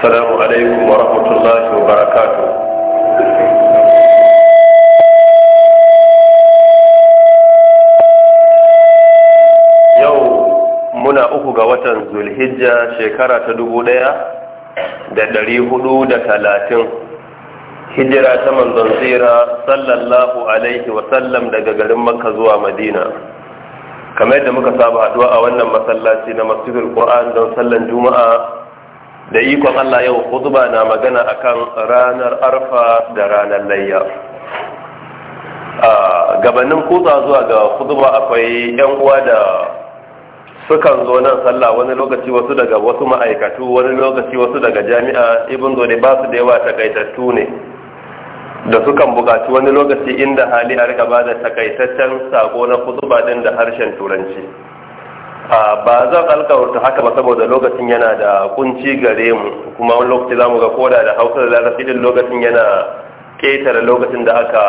السلام عليكم ورحمة الله وبركاته yau muna uku ga watan zulhijja shekara ta dubu ɗaya da ɗari hudu da talatin hijira ta manzon tsira sallallahu alaihi sallam daga garin makka zuwa madina kamar yadda muka saba haduwa a wannan masallaci na masjidul qur'an don sallar juma'a da ikon Allah yau khutba na magana akan ranar arfa da ranar layya A gabanin kusa zuwa ga khutba akwai yan uwa da sukan zo nan sallah wani lokaci wasu daga wasu ma'aikatu wani lokaci wasu daga jami'a ibn zo ba su da yawa takaitattu ne da sukan bukaci wani lokaci inda hali a ba da takaitaccen sako na khutba din da harshen turanci ba zan alkawarta haka ba saboda lokacin yana da kunci gare mu kuma wani lokaci za mu ga koda da hausa da larabci din lokacin yana ketare lokacin da aka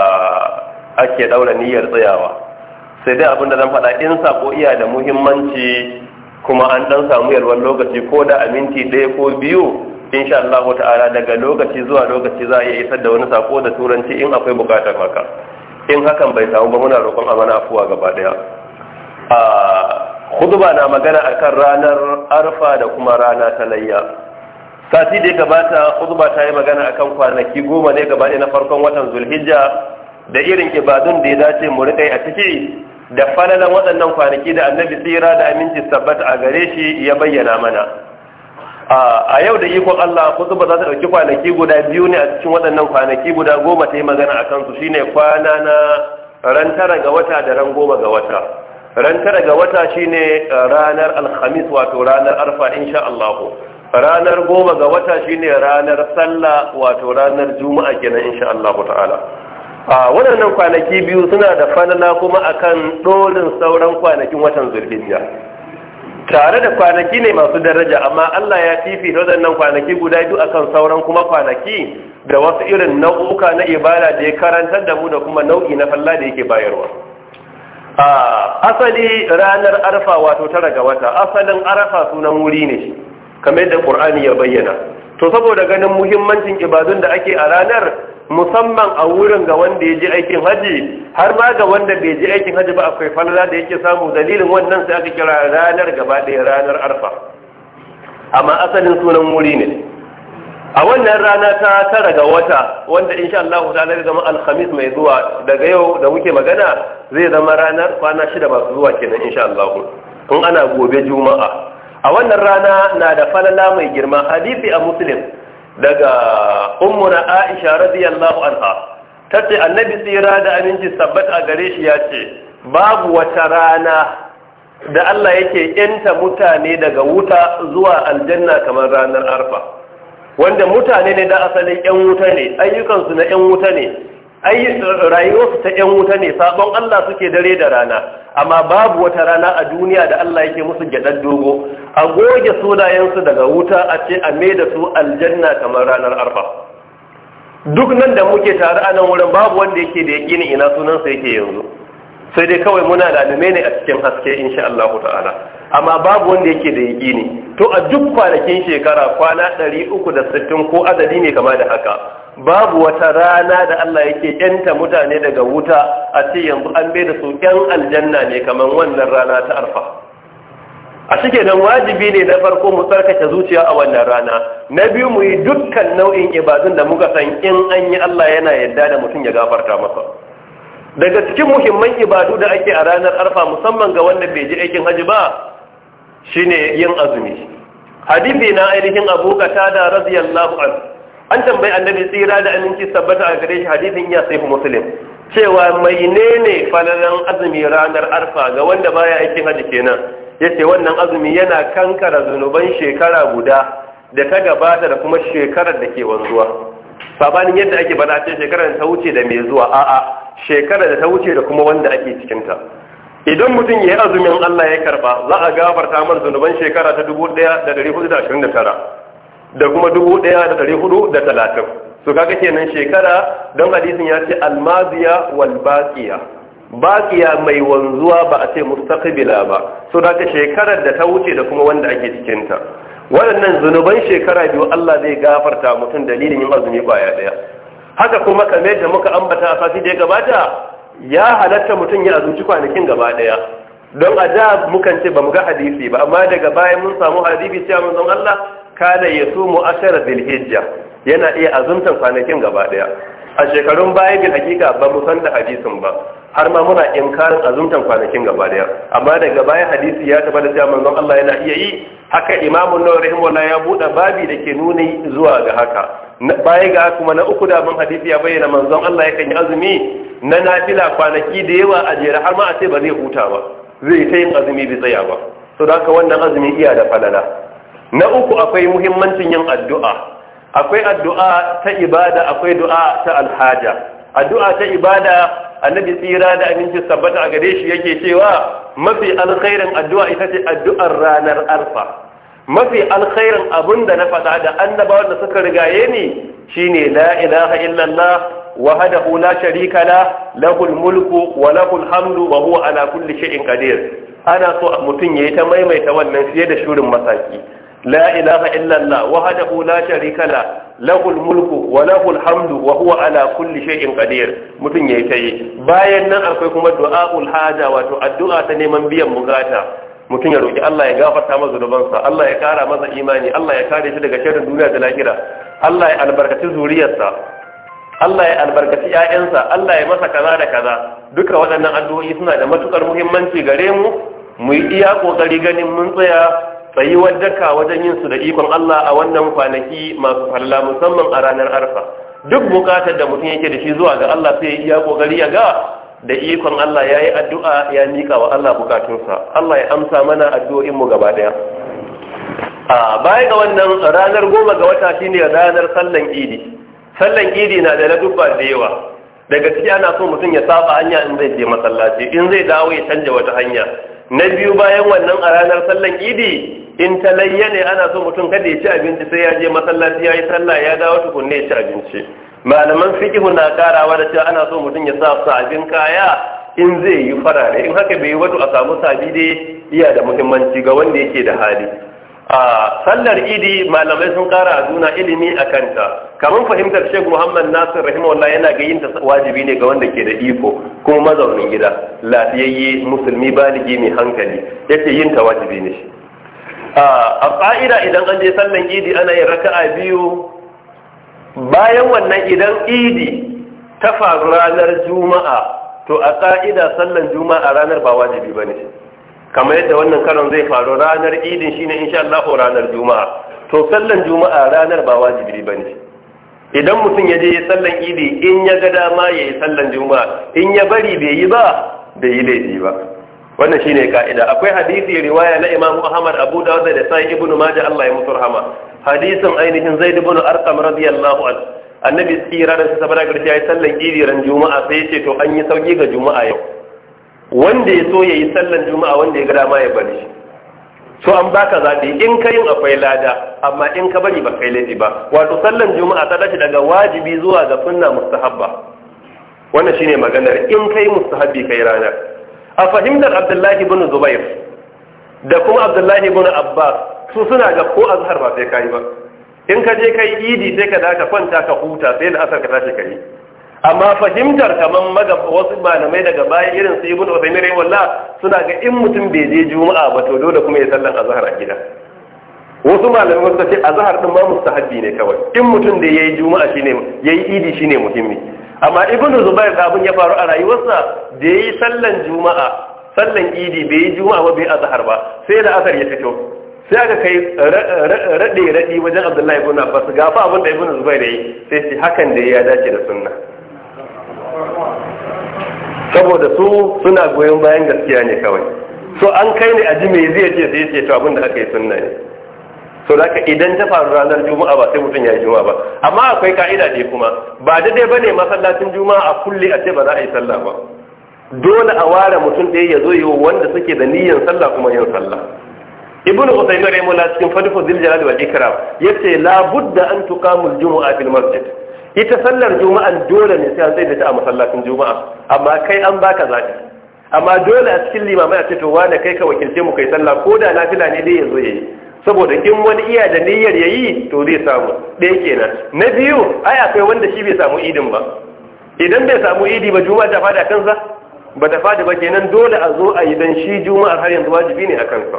ake daura niyyar tsayawa sai dai abin da zan faɗa in sako iya da muhimmanci kuma an dan samu yalwar lokaci ko da a minti ɗaya ko biyu insha Allah ta'ala daga lokaci zuwa lokaci za a iya isar da wani sako da turanci in akwai bukatar haka in hakan bai samu ba muna roƙon amana afuwa gaba ɗaya khutba na magana akan ranar arfa da kuma rana ta layya sati da ya gabata khutba ta yi magana akan kwanaki goma ne gaba na farkon watan zulhijja da irin ibadun da ya dace mu rikai a ciki da falalan waɗannan kwanaki da annabi tsira da aminci sabbata a gare shi ya bayyana mana a yau da ikon Allah khutba za ta dauki kwanaki guda biyu ne a cikin waɗannan kwanaki guda goma ta yi magana akan su shine kwana na ran tara ga wata da ran goma ga wata ran ga wata shine uh, ranar alhamis wato ranar arfa insha Allah ranar goma ga wata shine ranar sallah wato ranar juma'a kenan insha Allah ta'ala a wannan kwanaki biyu suna da falala kuma akan dolin sauran kwanakin watan zulhijja tare da kwanaki ne masu daraja amma Allah ya fifita waɗannan kwanaki guda biyu akan sauran kuma kwanaki da wasu irin nau'uka na ibada da ya karantar da mu da kuma nau'i na falla da yake bayarwa asali ranar arfa wato tara ga wata asalin arfa sunan wuri ne kamar yadda qur'ani ya bayyana to saboda ganin muhimmancin ibadun da ake a ranar musamman a wurin ga wanda ya ji aikin haji har ma ga wanda bai ji aikin haji ba akwai falala da yake samu dalilin wannan sai aka kira ranar gaba ɗaya ranar arfa amma asalin sunan wuri ne a wannan rana ta tara ga wata wanda insha Allah ta zai zama alhamis mai zuwa daga yau da muke magana zai zama ranar kwana shida masu zuwa kenan insha Allah in ana gobe juma'a a wannan rana na da falala mai girma hadisi a muslim daga ummuna aisha radiyallahu anha tace annabi tsira da aminci sabbat a gare shi ya ce babu wata rana da Allah yake yanta mutane daga wuta zuwa aljanna kamar ranar arfa wanda mutane ne da asalin yan wuta ne ayyukansu na yan wuta ne rayuwarsu ta yan wuta ne sabon Allah suke dare da rana amma babu wata rana a duniya da Allah yake musu gyaɗar dogo a goge sunayensu daga wuta a ce a mai da su aljanna kamar ranar arfa duk nan da muke tare a nan wurin babu wanda yake da yaƙini ina sunansa yake yanzu sai dai kawai muna lalume ne a cikin haske insha Allah ta'ala amma babu wanda yake da ne. to a duk kwanakin shekara kwana 360 ko adadi ne kama da haka babu wata rana da Allah yake yanta mutane daga wuta a ce yanzu an bai da su yan aljanna ne kamar wannan rana ta arfa a cike nan wajibi ne na farko mu tsarkake zuciya a wannan rana na biyu mu yi dukkan nau'in ibadun da muka san in an yi Allah yana yarda da mutum ya gafarta masa daga cikin muhimman ibadu da ake a ranar arfa musamman ga wanda bai ji aikin haji ba shine yin azumi hadisi na ainihin abu da radiyallahu an an tambayi annabi tsira da aminci sabbata a gare shi hadisin ya sai muslim cewa mai ne falalan azumi ranar arfa ga wanda baya aikin haji kenan yace wannan azumi yana kankara zunuban shekara guda da ta gabata da kuma shekarar da ke wanzuwa sabanin yadda ake bada ce shekarar ta wuce da mai zuwa a'a shekara da ta wuce da kuma wanda ake cikinta idan mutum ya yi azumin Allah ya karba za a gafarta mar zunuban shekara ta 1429 da kuma 1430 su kaga kenan shekara don hadisin ya ce almaziya wal baqiya baqiya mai wanzuwa ba a ce mustaqbila ba so daga shekarar da ta wuce da kuma wanda ake cikinta waɗannan zunuban shekara biyu Allah zai gafarta mutum dalilin yin azumi ya ɗaya haka kuma kamar da muka ambata a fasi da ya gabata ya halatta mutum ya azuci kwanakin gaba daya don a da mukan ce ba mu ga hadisi ba amma daga bayan mun samu hadisi cewa mun Allah kada ya sumu ashara bil hijja yana iya azumtan kwanakin gaba daya a shekarun baya bin hakika ba mu san da hadisin ba har ma muna inkarin azumtan kwanakin gaba daya amma daga baya hadisi ya tabbata cewa manzon Allah yana iya yi haka imamu nawawi rahimahullah ya buɗe babi da ke nuni zuwa ga haka baya ga kuma na uku da mun hadisi ya bayyana manzon Allah yakan yi azumi na nafila kwanaki da yawa a jere har ma a ce ba zai huta ba zai ta yin azumi bi tsaya ba to da haka wannan azumi iya da falala na uku akwai muhimmancin yin addu'a akwai addu'a ta ibada akwai du'a ta alhaja addu'a ta ibada annabi tsira da aminci sabbata a gare shi yake cewa mafi alkhairin addu'a ita ce addu'ar ranar arfa mafi alkhairin abin da na faɗa da annaba da suka rigaye ni shine la ilaha illallah wahdahu la sharika la lahul mulku wa lahul hamdu wa huwa ala kulli shay'in qadir ana so mutum yayi ta maimaita wannan fiye da shurin masaki لا إله إلا الله وحده لا شريك له له الملك وله الحمد وهو على كل شيء قدير متun bayan nan akwai kuma du'aul haja wato addu'a ta neman biyan bukata mutun ya roki Allah ya gafarta masa zunubansa Allah ya kara masa imani Allah ya kare shi daga shirin duniya da lahira Allah ya albarkaci zuriyarsa Allah ya albarkaci ƴaƴansa Allah ya masa kaza da kaza duka waɗannan addu'o'i suna da matukar muhimmanci gare mu mu yi iya kokari ganin mun tsaya tsayuwar daka wajen yin su da ikon Allah a wannan kwanaki masu falla musamman a ranar arfa duk bukatar da mutum yake da shi zuwa ga Allah sai ya kokari ya ga da ikon Allah ya yi addu'a ya miƙa wa Allah bukatunsa Allah ya amsa mana addu'o'inmu gaba daya a baya ga wannan ranar goma ga wata shine ranar sallan idi sallan idi na da dubba da yawa daga ciki ana so mutum ya saba hanya in zai je masallaci in zai dawo ya canja wata hanya na biyu bayan wannan a ranar sallan idi in ta layya ne ana so mutum kada ya ci abinci sai ya je masallaci ya yi sallah ya dawo tukunne ya ci abinci malaman fiqhu na karawa da cewa ana so mutum ya sa sabin kaya in zai yi farare in haka bai yi wato a samu sabi dai iya da muhimmanci ga wanda yake da hali a sallar idi malamai sun kara a juna ilimi a kanta kamar fahimtar shek muhammad nasir rahimahullah yana ga yin wajibi ne ga wanda ke da iko kuma mazaunin gida lafiyayye musulmi baligi mai hankali yake yin ta wajibi ne shi a ƙa'ida idan an je sallan idi ana yin raka'a biyu bayan wannan idan idi ta faru ranar juma'a to a ƙa'ida sallan juma'a ranar ba wajibi ba ne kamar yadda wannan karon zai faru ranar idin shine insha Allah ko ranar juma'a to sallan juma'a ranar ba wajibi ba ne idan mutum ya je ya sallan idi in ya ga dama ya yi sallan juma'a in ya bari bai yi ba bai yi laifi ba wannan shine ka'ida akwai hadisi riwaya na Imam Ahmad Abu Dawud da sai ibn Majah Allah ya mutu rahama hadisin ainihin Zaid ibn Arqam radiyallahu anhu annabi tsira da sabar bara garci ayi sallan idi ran juma'a sai yace ce to an yi sauki ga juma'a yau wanda ya so yayi sallan juma'a wanda ya ga ma ya bari so an baka zabi in ka yin akwai lada amma in ka bari ba kai laifi ba wato sallan juma'a ta dace daga wajibi zuwa ga sunna mustahabba wannan shine maganar in kai mustahabbi kai ranar a fahimtar abdullahi bin zubair da kuma abdullahi bin abbas su suna ga ko azhar ba sai kai ba in ka je kai idi sai ka dace kwanta ka huta sai da asar ka tashi kai amma fahimtar kaman maga wasu malamai daga baya irin su ibnu uthaymeen rahimahullah suna ga in mutum bai je juma'a ba to dole kuma ya sallan azhar a gida wasu malamai wasu ce azhar din ma mustahabi ne kawai in mutum da yayi juma'a shine yayi idi shine muhimmi amma ibnu zubair da abin ya faru a rayuwarsa da yayi sallan juma'a sallan idi bai yi juma'a ba bai azhar ba sai da asar ya fito sai aka kai rade rade wajen abdullahi ibn abbas ga fa abin da ibnu zubair yayi sai shi hakan da ya dace da sunna saboda su suna goyon bayan gaskiya ne kawai so an kai ne a ji me zai ce sai ce to abin da aka yi sunna ne sau da idan ta faru ranar juma'a ba sai mutum ya yi juma'a ba amma akwai ka'ida ne kuma ba daidai bane masallacin juma'a a kulle a ce ba za a yi sallah ba dole a ware mutum ɗaya ya zo yi wanda suke da niyyar sallah kuma yin sallah ibn usaymin rahimahullah cikin fadhu zil jalal wal ikram yace la budda an tuqamu al jumu'a fil masjid ita sallar juma'a dole ne sai an tsaye da ta a masallacin juma'a amma kai an baka zaki amma dole a cikin limamai a ce to wane kai ka wakilce mu kai sallah ko da nafila ne dai ya zo yayi saboda in wani iya da niyyar ya yi, to zai samu ɗaya kenan na biyu ai akwai wanda shi bai samu idin ba idan bai samu idi ba juma'a ta fada kansa ba ta fada ba kenan dole a zo a yi dan shi juma'ar har yanzu wajibi ne a kansa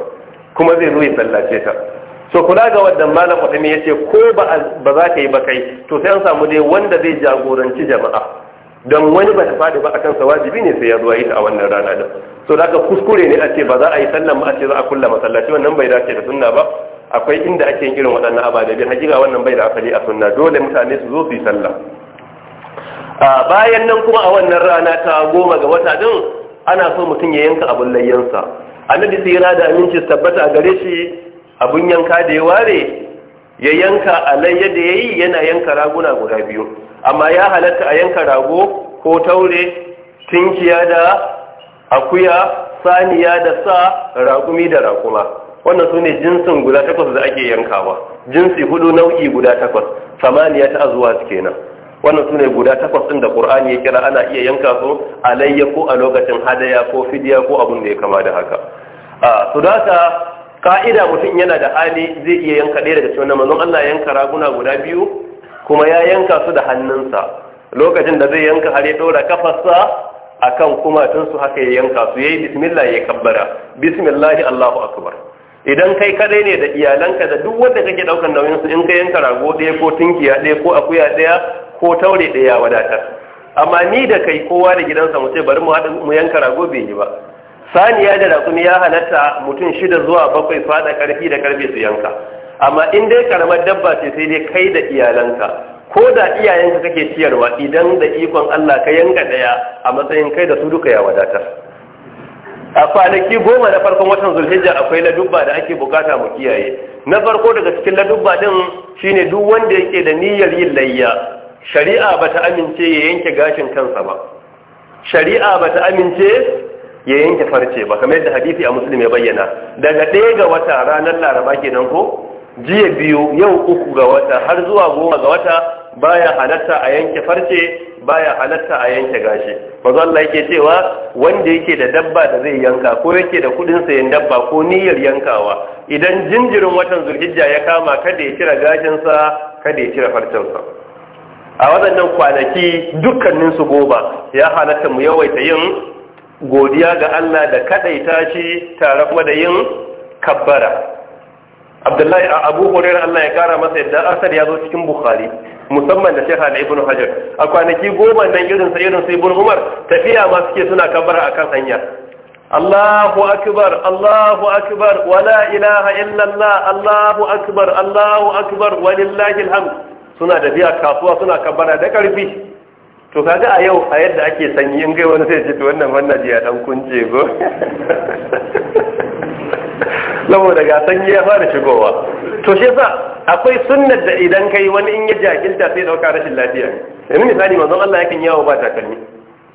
kuma zai zo ya sallace ta so kula ga wannan malam mutum ya ce ko ba za ka yi ba kai to sai an samu dai wanda zai jagoranci jama'a don wani ba ta faɗi ba a akan sa wajibi ne sai ya zuwa yi ta a wannan rana da so da kuskure ne a ce ba za a yi sallan ba a ce za a kulla masallaci wannan bai dace da sunna ba akwai inda ake yin irin waɗannan ababe bin hakika wannan bai da asali a sunna dole mutane su zo su yi sallah a bayan nan kuma a wannan rana ta goma ga wata din ana so mutum ya yanka abun layyansa annabi sai yana da aminci tabbata a gare shi abun yanka da ya ware ya yanka alayya da yi, yana yanka raguna guda biyu amma ya halatta a yanka rago ko taure tinkiya da akuya saniya da sa raƙumi da rakuma wannan su ne jinsin guda takwas da ake yankawa jinsi hudu nau'i guda takwas samaniya ta azuwa kenan wannan su ne guda takwas ɗin da ƙur'ani ya kira ana iya yanka su alayya ko a lokacin hadaya ko fidiya ko abin da ya kama da haka a su ka'ida mutum yana da hali zai iya yanka ɗaya daga cikin manzon Allah yanka raguna guda biyu kuma ya yanka su da hannunsa lokacin da zai yanka har ya ɗora kafarsa akan kumatunsu haka ya yanka su Ya yi bismillah ya kabbara bismillahi Allahu akbar idan kai kadai ne da iyalanka da duk wanda kake ɗaukar nauyin su in ka yanka rago ɗaya ko tunkiya ɗaya ko akuya ɗaya ko taure ɗaya wadatar amma ni da kai kowa da gidansa mu ce bari mu haɗa mu yanka rago bai yi ba saniya da rakuni ya halatta mutum shida zuwa bakwai fada karfi da karfe su yanka amma in dai karamar dabba ce sai dai kai da iyalanka ko da iyayenka kake ciyarwa idan da ikon Allah ka yanka daya a matsayin kai da su duka ya wadatar a kwanaki goma na farkon watan zulhijja akwai ladubba da ake bukata mu kiyaye na farko daga cikin ladubba din shine duk wanda yake da niyyar yin layya shari'a bata amince ya yanke gashin kansa ba shari'a bata amince ya yanke farce ba kamar yadda hadisi a muslim ya bayyana daga ɗaya ga wata ranar laraba kenan ko jiya biyu yau uku ga wata har zuwa goma ga wata baya halatta a yanke farce baya halatta a yanke gashi bazan Allah yake cewa wanda yake da dabba da zai yanka ko yake da kudin sayan dabba ko niyyar yankawa idan jinjirin watan zulhijja ya kama kada ya cire gashinsa kada ya cire sa a waɗannan kwanaki dukkanin su goma ya halatta mu yawaita yin godiya ga Allah da kadaita shi tare kuma da yin kabbara abdullahi abu hurairah Allah ya kara masa yadda asar ya zo cikin bukhari musamman da shekha da ibn hajar a kwanaki goma nan irin sa irin sai ibn umar tafiya ma suke suna kabara akan hanya Allahu akbar Allahu akbar wala ilaha illallah Allahu akbar Allahu akbar walillahi alhamd suna da biya kasuwa suna kabara da karfi to kaga a yau a yadda ake sanyi in kai wani sai ce to wannan wannan jiya dan kunce go saboda daga sanye ya fara shigowa to shi yasa akwai sunnar da idan kai wani in ya jahilta sai dauka rashin lafiya ne yanzu misali manzon Allah yakan yawo ba takalmi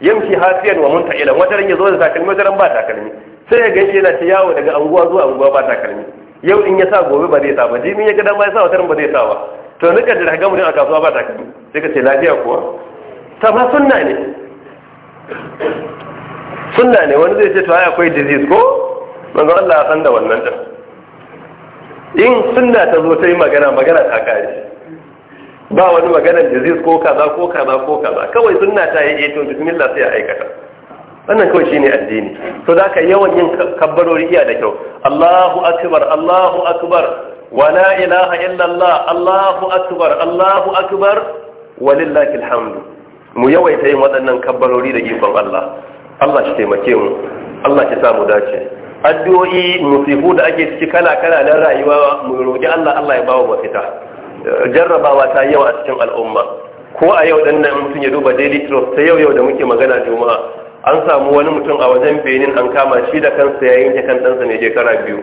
yamshi hafiyan wa munta'ilan wata ran ya da takalmi wata ran ba takalmi sai ya gaishe yana ta yawo daga anguwa zuwa anguwa ba takalmi yau in ya sa gobe ba zai sa ba jimin ya ga ba ya sa wata ran ba zai sa ba to nika da daga mun a kasuwa ba takalmi sai ka ce lafiya kuwa ta ma sunna ne sunna ne wani zai ce to ai akwai disease ko manzo Allah san da wannan din in sunna ta zo ta yi magana magana ta kare ba wani magana disease ko kaza ko kaza ko kaza kawai sunna ta yi eto eh, bismillah sai ya aikata wannan kawai shine addini to da ka yawan yin kabbarori iya da kyau Allahu akbar Allahu akbar wa la ilaha illa Allah Allahu akbar Allahu akbar walillahi alhamdu mu yawaita yin waɗannan kabbarori da gifan Allah Allah shi taimake mu Allah ki samu dace addu'o'i musifu da ake ciki kala kala na rayuwa mu roƙi Allah Allah ya bawo mafita jarrabawa ta yawa a cikin al'umma ko a yau dan nan mutum ya duba daily trust ta yau yau da muke magana juma'a an samu wani mutum a wajen Benin an kama shi da kansa ya yanke kan ɗansa ne kara biyu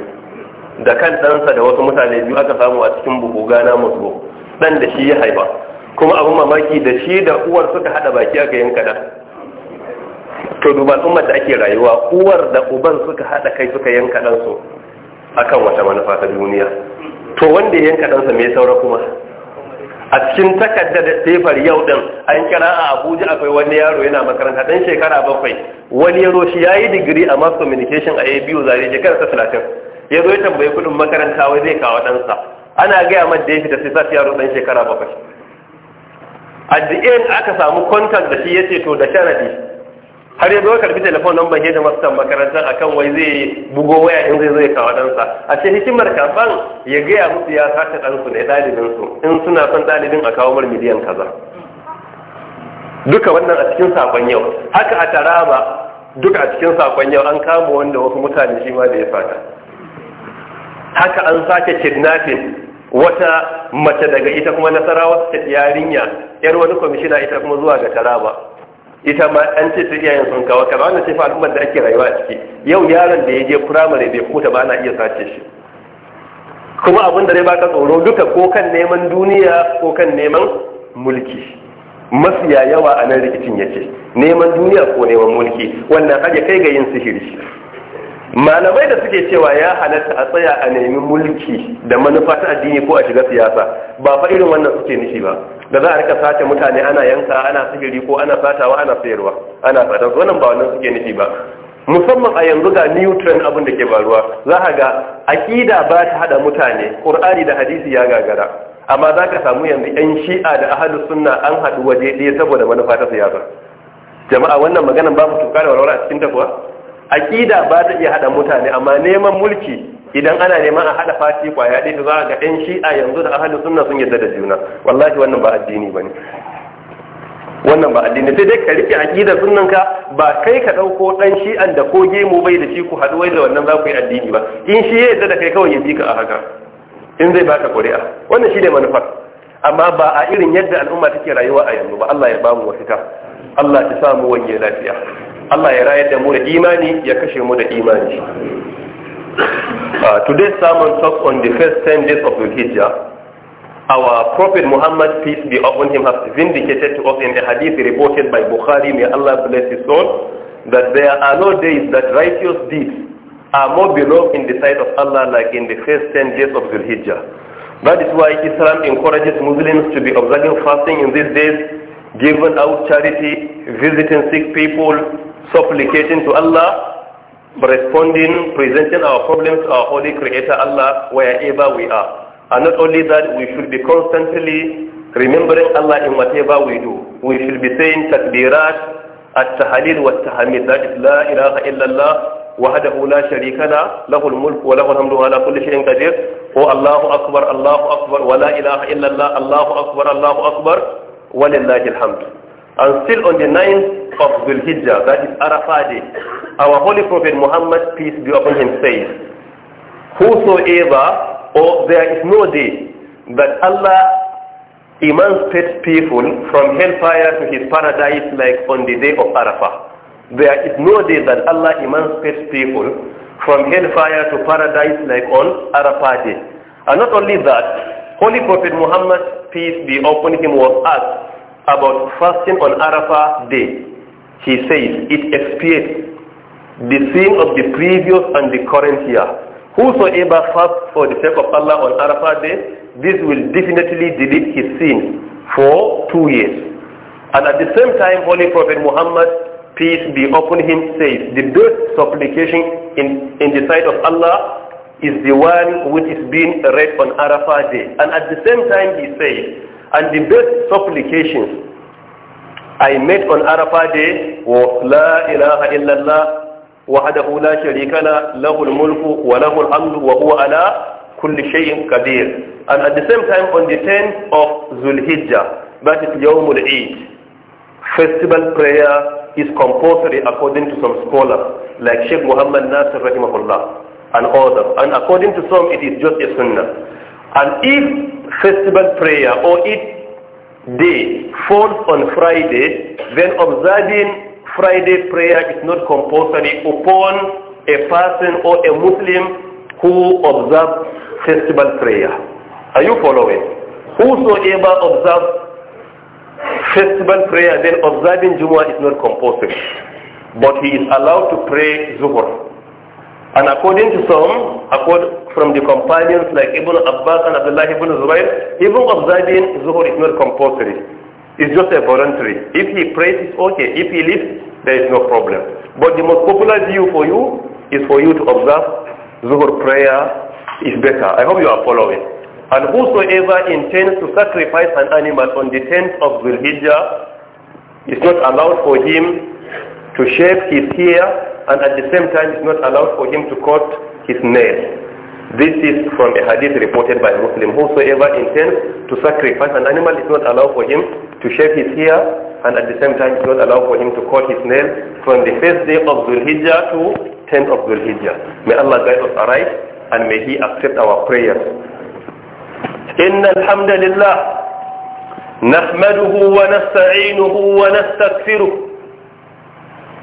da kan ɗansa da wasu mutane biyu aka samu a cikin buhu gana musu ɗan da shi ya haifa kuma abin mamaki da shi da uwar suka haɗa baki aka yanka da. to duba al'ummar da ake rayuwa uwar da uban suka hada kai suka yanka ɗansu akan wata manufa ta duniya to wanda ya yanka ɗansa mai saura kuma a cikin takarda da tefar yau din an kira a abuja akwai wani yaro yana makaranta ɗan shekara bakwai wani yaro shi ya yi digiri a mass communication a abu zare shekara ta talatin ya ya tambayi kuɗin makaranta wai zai kawo ɗansa ana gaya ma da ya fita sai sa yaro ɗan shekara bakwai a the end aka samu contact da shi ya ce to da sharadi har yanzu ka karbi telefon nan bahe da mastan makarantar akan wai zai bugo waya in zai zai kawo ɗansa a ce hikimar kafan ya gaya musu ya sace ɗansu ne ɗalibinsu in suna son ɗalibin a kawo mar miliyan kaza duka wannan a cikin sakon yau haka a taraba duka a cikin sakon yau an kama wanda wasu mutane shi ma da ya fata haka an sake kidnapping wata mace daga ita kuma nasarawa ta yarinya yar wani kwamishina ita kuma zuwa ga taraba ita ma an ce ta iyayen sun kawo kaza wanda ce fa al'ummar da ake rayuwa a ciki yau yaron da ya je firamare bai kuta ba ana iya sace shi kuma abin da zai baka tsoro duka ko kan neman duniya ko kan neman mulki mafiya yawa a nan rikicin yake neman duniya ko neman mulki wannan haje kai ga yin sihiri malamai da suke cewa ya halatta a tsaya a nemi mulki da manufa ta addini ko a shiga siyasa ba fa irin wannan suke nishi ba da za a rika sace mutane ana yanka ana sihiri ko ana satawa ana sayarwa ana tsada wannan ba wannan suke nufi ba musamman a yanzu ga new trend abin da ke faruwa za a ga aƙida ba ta hada mutane ƙur'ani da hadisi ya gagara amma za ka samu yanzu 'yan shi'a da ahadu sunna an haɗu waje ɗaya saboda manufa ta siyasa jama'a wannan maganan babu tuka da walwala a cikin ta kuwa aƙida ba ta iya haɗa mutane amma neman mulki idan ana neman a haɗa fati kwaya ɗaya za ga ɗan shi'a yanzu da ahalin sunna sun yadda da juna wallahi wannan ba addini ba ne wannan ba addini sai dai ka rike aƙidar sunnan ka ba kai ka ɗauko ɗan shi'an da ko gemu bai da shi ku haɗu wai da wannan za ku yi addini ba in shi ya yadda da kai kawai ya bi ka a haka in zai baka ƙuri'a wannan shi ne manufar amma ba a irin yadda al'umma take rayuwa a yanzu ba Allah ya bamu wasita Allah ya samu wani lafiya Allah ya rayar da mu da imani ya kashe mu da imani uh, today's sermon talks on the first 10 days of the Hijrah. Our Prophet Muhammad, peace be upon him, has vindicated to us in a hadith reported by Bukhari, may Allah bless his soul, that there are no days that righteous deeds are more beloved in the sight of Allah like in the first 10 days of the Hijrah. That is why Islam encourages Muslims to be observing fasting in these days, giving out charity, visiting sick people, supplicating to Allah, responding, presenting our problems to our Holy Creator Allah wherever we are. And not only that, we should be constantly remembering Allah in whatever we do. We should be saying takbirat, la والتحميد ذات لا إله إلا الله وحده لا شريك له له الملك وله الحمد على كل شيء قدير هو الله أكبر الله أكبر ولا إله إلا الله الله أكبر الله أكبر ولله الحمد And still on the 9th of Dhul Hijjah, that is Arafah Day, our Holy Prophet Muhammad, peace be upon him, says, Whosoever, or there is no day that Allah emancipates people from hellfire to his paradise like on the day of Arafah. There is no day that Allah emancipates people from hellfire to paradise like on Arafah Day. And not only that, Holy Prophet Muhammad, peace be upon him, was asked, about fasting on Arafah day. He says, it expiates the sin of the previous and the current year. Whosoever fasts for the sake of Allah on Arafah day, this will definitely delete his sin for two years. And at the same time, Holy Prophet Muhammad, peace be upon him, says, the best supplication in, in the sight of Allah is the one which is being read on Arafah day. And at the same time, he says, and the best supplications I made on Arafah day was La ilaha illallah وحده لا شريك له له الملك وله الحمد وهو على كل شيء قدير and at the same time on the 10th of Zulhijjah that is يوم العيد festival prayer is compulsory according to some scholars like Sheikh Muhammad Nasir rahimahullah and others and according to some it is just a sunnah and if festival prayer or each day falls on Friday, then observing Friday prayer is not compulsory upon a person or a Muslim who observes festival prayer. Are you following? Whosoever observes festival prayer, then observing Jumu'ah is not compulsory. But he is allowed to pray Zuhur and according to some, from the companions like Ibn Abbas and Abdullah ibn Zubayr, even observing Zuhur is not compulsory. It's just a voluntary. If he prays, it's okay. If he leaves, there is no problem. But the most popular view for you is for you to observe Zuhur prayer is better. I hope you are following. And whosoever intends to sacrifice an animal on the 10th of Dhul it's not allowed for him to shave his hair and at the same time it's not allowed for him to cut his nails. This is from a hadith reported by a Muslim. Whosoever intends to sacrifice an animal is not allowed for him to shave his hair and at the same time it's not allowed for him to cut his nail from the first day of Dhul Hijjah to 10th of Dhul Hijjah. May Allah guide us aright and may He accept our prayers. إن الحمد لله نحمده ونستعينه ونستغفره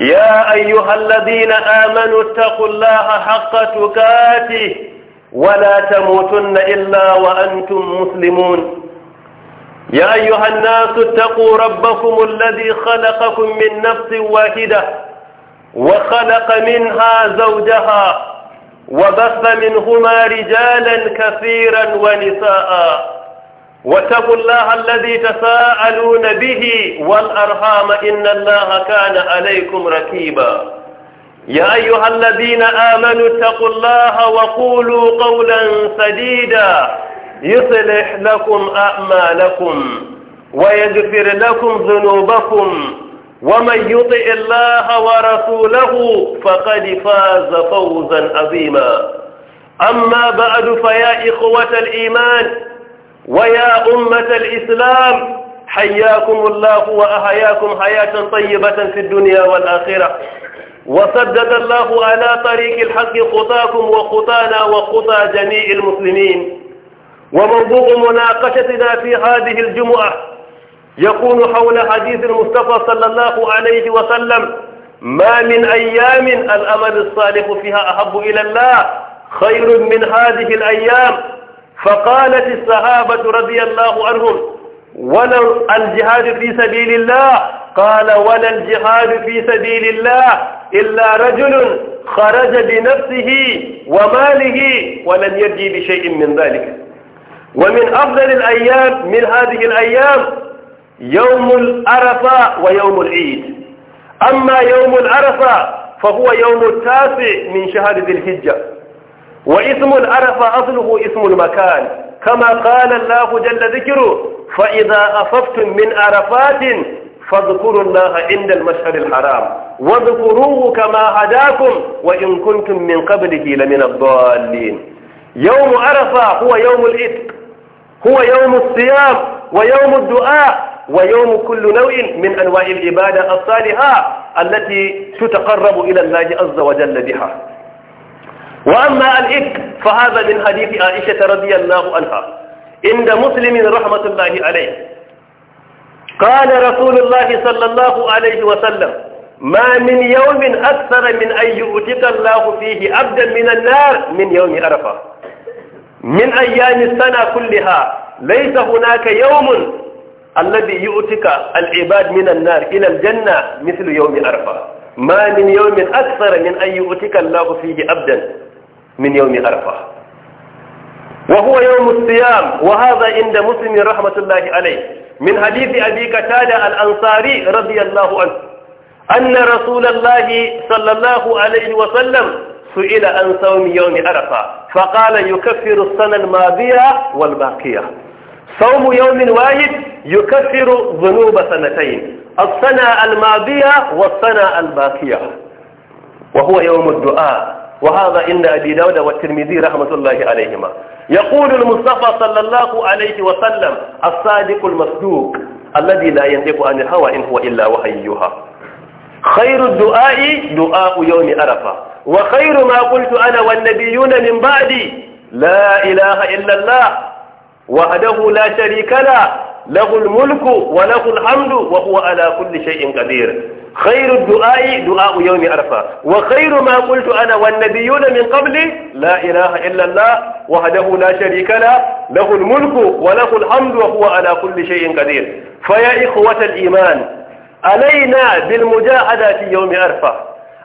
يا أيها الذين آمنوا اتقوا الله حق تكاته ولا تموتن إلا وأنتم مسلمون يا أيها الناس اتقوا ربكم الذي خلقكم من نفس واحدة وخلق منها زوجها وبث منهما رجالا كثيرا ونساء واتقوا الله الذي تساءلون به والأرحام إن الله كان عليكم ركيبا يا أيها الذين آمنوا اتقوا الله وقولوا قولا سديدا يصلح لكم أعمالكم ويغفر لكم ذنوبكم ومن يطئ الله ورسوله فقد فاز فوزا عظيما أما بعد فيا إخوة الإيمان ويا أمة الإسلام حياكم الله وأحياكم حياة طيبة في الدنيا والآخرة وسدد الله على طريق الحق خطاكم وخطانا وخطى جميع المسلمين وموضوع مناقشتنا في هذه الجمعة يكون حول حديث المصطفى صلى الله عليه وسلم ما من أيام الأمل الصالح فيها أحب إلى الله خير من هذه الأيام فقالت الصحابة رضي الله عنهم ولا الجهاد في سبيل الله قال ولا الجهاد في سبيل الله إلا رجل خرج بنفسه وماله ولم يجي بشيء من ذلك ومن أفضل الأيام من هذه الأيام يوم العرفة ويوم العيد أما يوم العرفة فهو يوم التاسع من شهر ذي الحجة واسم العرف أصله اسم المكان كما قال الله جل ذكره فإذا أففتم من عرفات فاذكروا الله عند المشهد الحرام واذكروه كما هداكم وإن كنتم من قبله لمن الضالين يوم عرفة هو يوم الإتق هو يوم الصيام ويوم الدعاء ويوم كل نوع من أنواع العبادة الصالحة التي تتقرب إلى الله عز وجل بها وأما الإك فهذا من حديث عائشة رضي الله عنها عند مسلم رحمة الله عليه قال رسول الله صلى الله عليه وسلم ما من يوم أكثر من أن يؤتك الله فيه عبدا من النار من يوم عرفة من أيام السنة كلها ليس هناك يوم الذي يؤتك العباد من النار إلى الجنة مثل يوم عرفة ما من يوم أكثر من أن يؤتك الله فيه عبدا من يوم عرفة وهو يوم الصيام وهذا عند مسلم رحمة الله عليه من حديث أبي قتادة الأنصاري رضي الله عنه أن رسول الله صلى الله عليه وسلم سئل عن صوم يوم عرفة فقال يكفر السنة الماضية والباقية صوم يوم واحد يكفر ذنوب سنتين السنة الماضية والسنة الباقية وهو يوم الدعاء وهذا عند أبي داود والترمذي رحمة الله عليهما يقول المصطفى صلى الله عليه وسلم الصادق المصدوق الذي لا ينطق عن الهوى إن هو إلا وحيها خير الدعاء دعاء يوم عرفة وخير ما قلت أنا والنبيون من بعدي لا إله إلا الله وحده لا شريك له له الملك وله الحمد وهو على كل شيء قدير خير الدعاء دعاء يوم عرفة وخير ما قلت أنا والنبيون من قبل لا إله إلا الله وحده لا شريك له له الملك وله الحمد وهو على كل شيء قدير فيا إخوة الإيمان علينا بالمجاهدة في يوم عرفة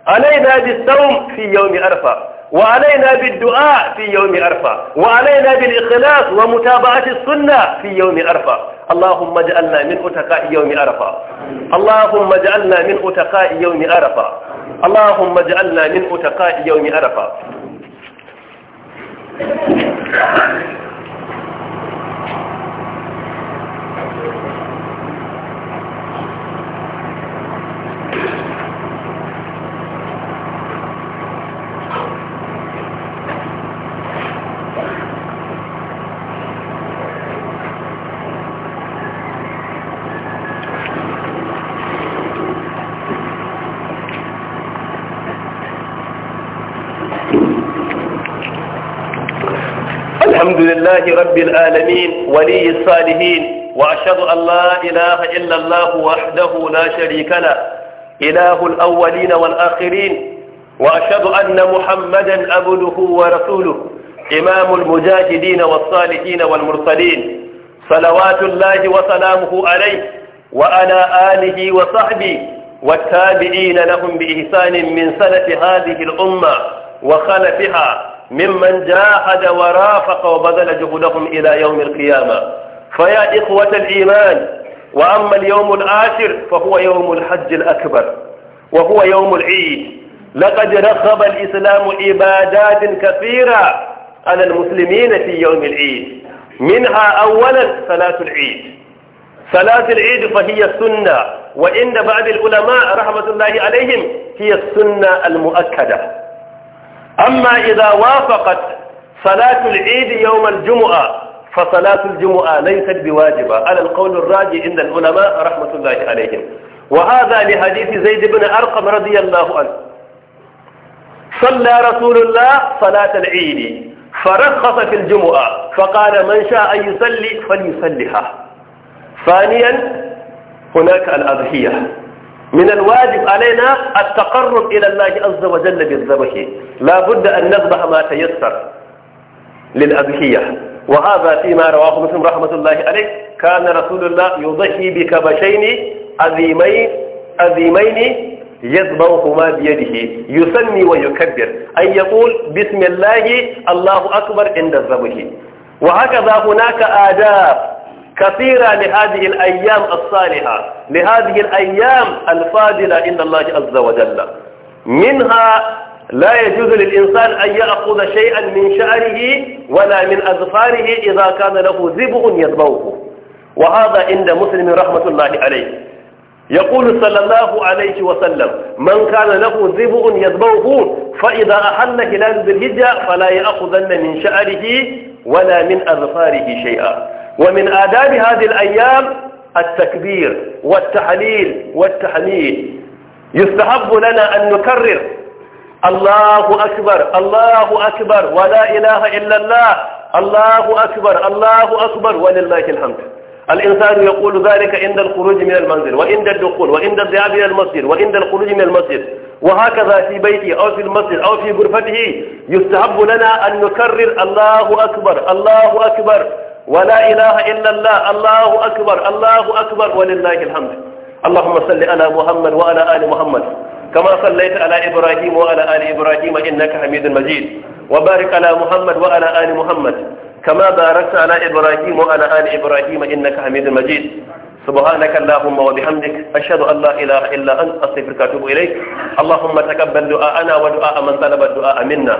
علينا بالصوم في يوم عرفة وعلينا بالدعاء في يوم أرفع وعلينا بالإخلاص ومتابعة السنة في يوم أرفع اللهم اجعلنا من أتقاء يوم أرفع اللهم اجعلنا من أتقاء يوم أرفع اللهم اجعلنا من أتقاء يوم أرفع لله رب العالمين ولي الصالحين وأشهد أن لا إله إلا الله وحده لا شريك له إله الأولين والآخرين وأشهد أن محمدا عبده ورسوله إمام المجاهدين والصالحين والمرسلين صلوات الله وسلامه عليه وعلى آله وصحبه والتابعين لهم بإحسان من سلف هذه الأمة وخلفها ممن جاهد ورافق وبذل جهودهم إلى يوم القيامة فيا إخوة الإيمان وأما اليوم العاشر فهو يوم الحج الأكبر وهو يوم العيد لقد رغب الإسلام عبادات كثيرة على المسلمين في يوم العيد منها أولا صلاة العيد صلاة العيد فهي السنة وإن بعض العلماء رحمة الله عليهم هي السنة المؤكدة أما إذا وافقت صلاة العيد يوم الجمعة فصلاة الجمعة ليست بواجبة على القول الراجي عند العلماء رحمة الله عليهم وهذا لحديث زيد بن أرقم رضي الله عنه صلى رسول الله صلاة العيد فرخص في الجمعة فقال من شاء أن يصلي فليصليها ثانيا هناك الأضحية من الواجب علينا التقرب إلى الله عز وجل بالذبح لا بد أن نذبح ما تيسر للأذحية وهذا فيما رواه مسلم رحمة الله عليه كان رسول الله يضحي بكبشين عظيمين عظيمين يذبحهما بيده يسمي ويكبر أن يقول بسم الله الله أكبر عند الذبح وهكذا هناك آداب كثيرة لهذه الأيام الصالحة لهذه الأيام الفاضلة عند الله عز وجل منها لا يجوز للإنسان أن يأخذ شيئا من شعره ولا من أظفاره إذا كان له زبغ يذبوه وهذا عند مسلم رحمة الله عليه يقول صلى الله عليه وسلم من كان له زبغ يذبوه فإذا أحل هلال ذي الهجة فلا يأخذن من شعره ولا من أظفاره شيئا ومن آداب هذه الأيام التكبير والتحليل والتحميد يستحب لنا أن نكرر الله أكبر الله أكبر ولا إله إلا الله الله أكبر الله أكبر ولله الحمد الإنسان يقول ذلك عند الخروج من المنزل وعند الدخول وعند الذهاب إلى المسجد وعند الخروج من المسجد وهكذا في بيته أو في المسجد أو في غرفته يستحب لنا أن نكرر الله أكبر الله أكبر ولا إله إلا الله الله أكبر الله أكبر ولله الحمد اللهم صل على محمد وعلى آل محمد كما صليت على إبراهيم وعلى آل إبراهيم إنك حميد مجيد وبارك على محمد وعلى آل محمد كما باركت على إبراهيم وعلى آل إبراهيم إنك حميد مجيد سبحانك اللهم وبحمدك أشهد أن لا إله إلا أنت أستغفرك وأتوب إليك اللهم تقبل دعاءنا ودعاء من طلب الدعاء منا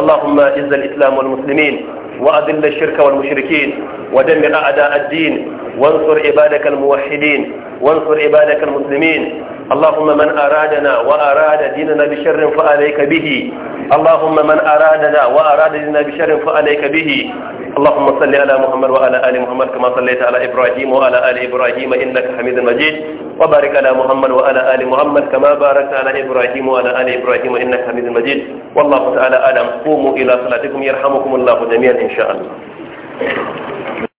اللهم إز الإسلام والمسلمين وأذل الشرك والمشركين ودمر أعداء الدين وانصر عبادك الموحدين وانصر عبادك المسلمين اللهم من أرادنا وأراد ديننا بشر فعليك به اللهم من أرادنا وأراد ديننا بشر فعليك به اللهم صل على محمد وعلى آل محمد كما صليت على إبراهيم وعلى آل إبراهيم إنك حميد مجيد وبارك على محمد وعلى آل محمد كما باركت على إبراهيم وعلى آل إبراهيم إنك حميد مجيد والله تعالى أعلم قوموا إلى صلاتكم يرحمكم الله جميعا insha Allah